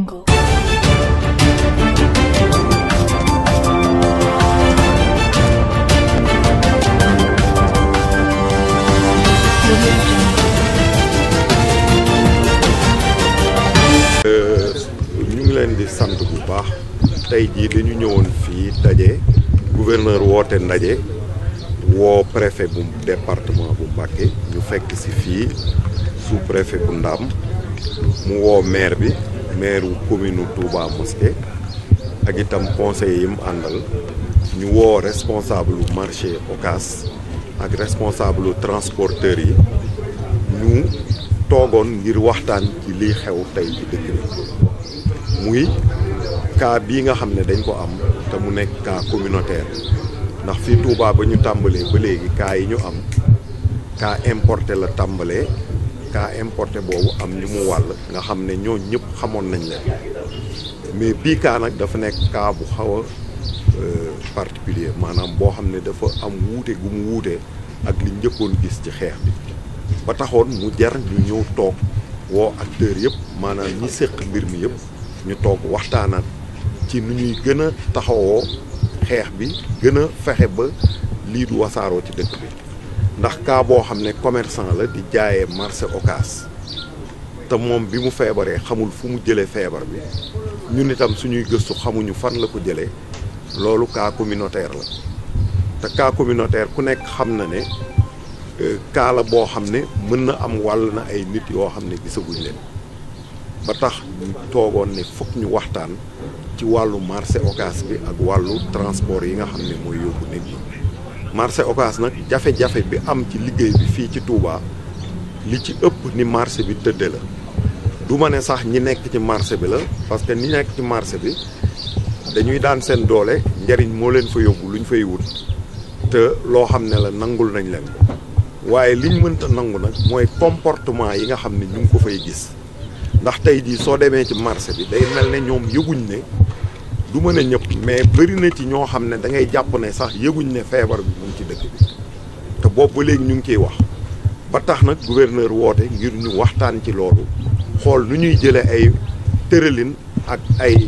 Euh, ñu ngi leen di sant bu baax tey jii dañu ñëwoon fii daje gouverneur woote ndaje woo préfet bu département bu Mbacké ñu fekk ci fii sous préfet bu Ndam mu woo maire bi maire wu commune Touba Mosquée ak itam conseil yi mu àndal ñu woow responsable lu marché ak responsable lu transporteur yi ñu toogoon ngir waxtaan ci liy xew tey ci dëkk bi muy cas bii nga xam ne dañ ko am te mu nekk cas communautaire ndax fii Touba ba ñu tàmbalee ba léegi cas yi ñu am cas importé la tàmbalee kaa importé boobu am ñu mu wàll nga xam ne ñoo ñëpp xamoon nañ leen mais bii kaa nag dafa nekk cas bu xaw a euh, maanaam boo xam ne dafa am wuute gu mu wuute ak li njëkkoon gis ci xeex bi ba taxoon mu jar ñu ñëw toog woo acteur yëpp maanaam ñi séq mbir mi yëpp ñu toog waxtaanaat ci nu ñuy gën a taxawoo xeex bi gën a fexe ba lii du wasaaroo ci dëkk bi ndax kaa boo xam ne commerçant la di jaayee marché Ocass te moom bi mu feebaree xamul fu mu jëlee feebar bi ñun itam suñuy gëstu xamuñu fan la ko jëlee loolu kaa communautaire la te cas communautaire ku nekk xam na ne euh, cas la boo xam ne mën na am wàll na ay nit yoo xam ne gisaguñ leen ba tax ñu toogoon ne fokk ñu waxtaan ci wàllu marché Ocass bi ak wàllu transport yi nga xam ne mooy yóbbu nit ñi. marché Ocass nag jafe-jafe bi am ci liggéey bi fii ci Touba li ci ëpp ni marché bi tëdde la du ma ne sax ñi nekk ci marché bi la parce que ñi nekk ci marché bi dañuy daan seen doole njëriñ moo leen fa yóbbu lu ñu fay wut te loo xam ne la nangul nañ leen ko waaye ñu mënta nangu nag mooy comportement yi nga xam ne ñu ngi ko fay gis ndax tey jii soo demee ci marché bi day mel ne ñoom yëguñ ne du mën a ñëpp mais bëri na ci ñoo xam ne da ngay jàpp ne sax yëguñ ne feebar bi mu ci dëkk bi te boobu léegi ñu ngi ciy wax ba tax nag gouverneur woote ngir ñu waxtaan ci loolu xool nu ñuy jëlee ay tëralin ak ay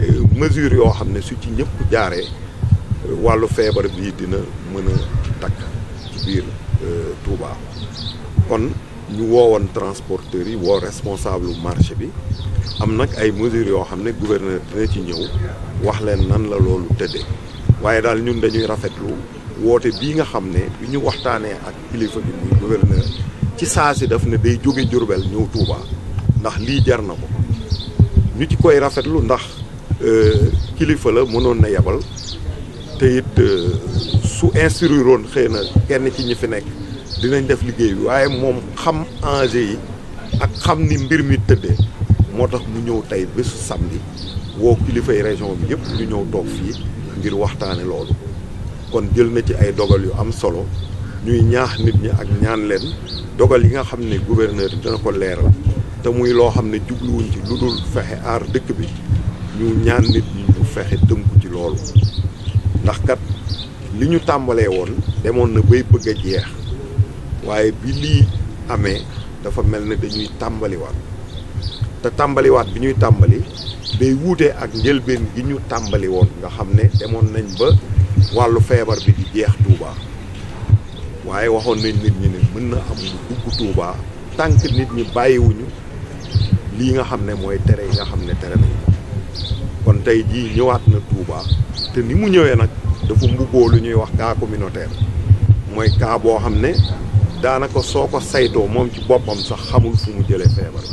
euh, mesures yoo xam ne su ci ñëpp jaaree euh, wàllu feebar bii dina mën a takk biir euh, Touba kon. ñu woowoon transporteurs yi woo responsable marché bi am nag ay mesures yoo xam ne gouverneur dina ci ñëw wax leen nan la loolu tëddee waaye daal ñun dañuy rafetlu woote bii nga xam ne bi ñu waxtaanee ak kilifa bi muy gouverneur ci saa si daf ne day jóge jurubeel ñëw Touba ndax lii jar na ko ñu ci koy rafetlu ndax euh, kilifa la mënoon na yebal te it euh, su instruiroon xëy na kenn ci ñi fi nekk dinañ def liggéey bi waaye moom xam enjeu yi ak xam ni mbir mi tëddee moo tax mu ñëw tey sam gi woo kilifay région bi yëpp ñu ñëw toog fii ngir waxtaane loolu kon jël na ci ay dogal yu am solo ñuy ñaax nit ñi ak ñaan leen dogal yi nga xam ne gouverneur dina ko leeral te muy loo xam ne jubluwuñ ci lu dul fexe aar dëkk bi ñu ñaan nit ñi ñu fexe tënku ci loolu ndax kat li ñu tàmbalee woon demoon na bay bëgg jeex waaye bi lii amee dafa mel ne dañuy tàmbaliwaat te tàmbaliwaat bi ñuy tàmbali day wuutee ak njëlbéen gi ñu tàmbali woon nga xam ne demoon nañ ba wàllu feebar bi di jeex Touba waaye waxoon nañ nit ñi ne mën na am lu dugg Touba tànk nit ñi bàyyiwuñu lii nga xam ne mooy tere yi nga xam ne tere nañ kon tey jii ñëwaat na Touba te ni mu ñëwee nag dafa mbubboo lu ñuy wax cas communautaire mooy cas boo xam ne daanaka soo ko saytoo moom ci boppam sax xamul fu mu jëlee feebar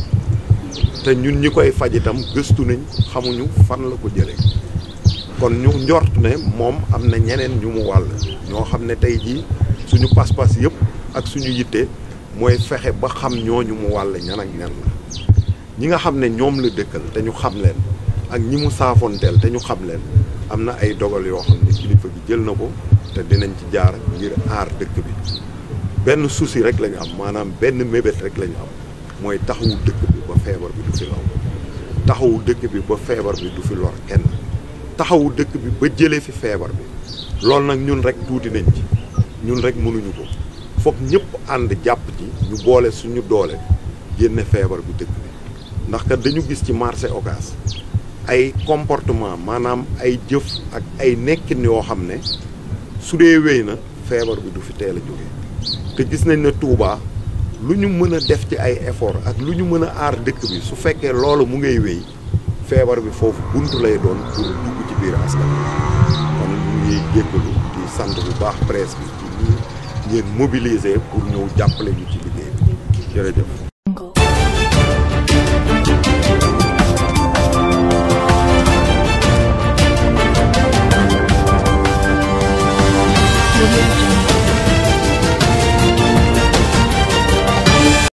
te ñun ñi koy faj itam gëstu nañ xamuñu fan la ko jële kon ñu njort ne moom am na ñeneen ñu mu wàll ñoo xam ne tey jii suñu pas-pas yëpp ak suñu yitte mooy fexe ba xam ñooñu mu wàll ñan ak ñan la ñi nga xam ne ñoom la dëkkal te ñu xam leen ak ñi mu saafonteel te ñu xam leen am na ay dogal yoo xam ne kilifa gi jël na ko te dinañ ci jaar ngir aar dëkk bi benn souci rek la ñu am maanaam benn mébét rek la ñu am mooy taxawu dëkk bi ba feebar bi du fi law taxawu dëkk bi ba feebar bi du fi lor kenn taxawu dëkk bi ba jëlee fi feebar bi loolu nag ñun rek tuuti nañ ci ñun rek mënuñu ko foog ñëpp ànd jàpp ci ñu boole suñu doole génne feebar bi dëkk bi ndax kat dañu gis ci marché Ocass ay comportement maanaam ay jëf ak ay nekkin yoo xam ne su dee wéy na feebar bi du fi teel a jógee te gis nañ ne Touba lu ñu mën a def ci ay effort ak lu ñu mën a aar dëkk bi su fekkee loolu mu ngay wéy feebar bi foofu buntu lay doon pour dugg ci biir askan kon ñu ngi jéggalu di sant bu baax presse ci ñi ngeen mobiliser pour ñëw jàppale ñu ci liggéey bi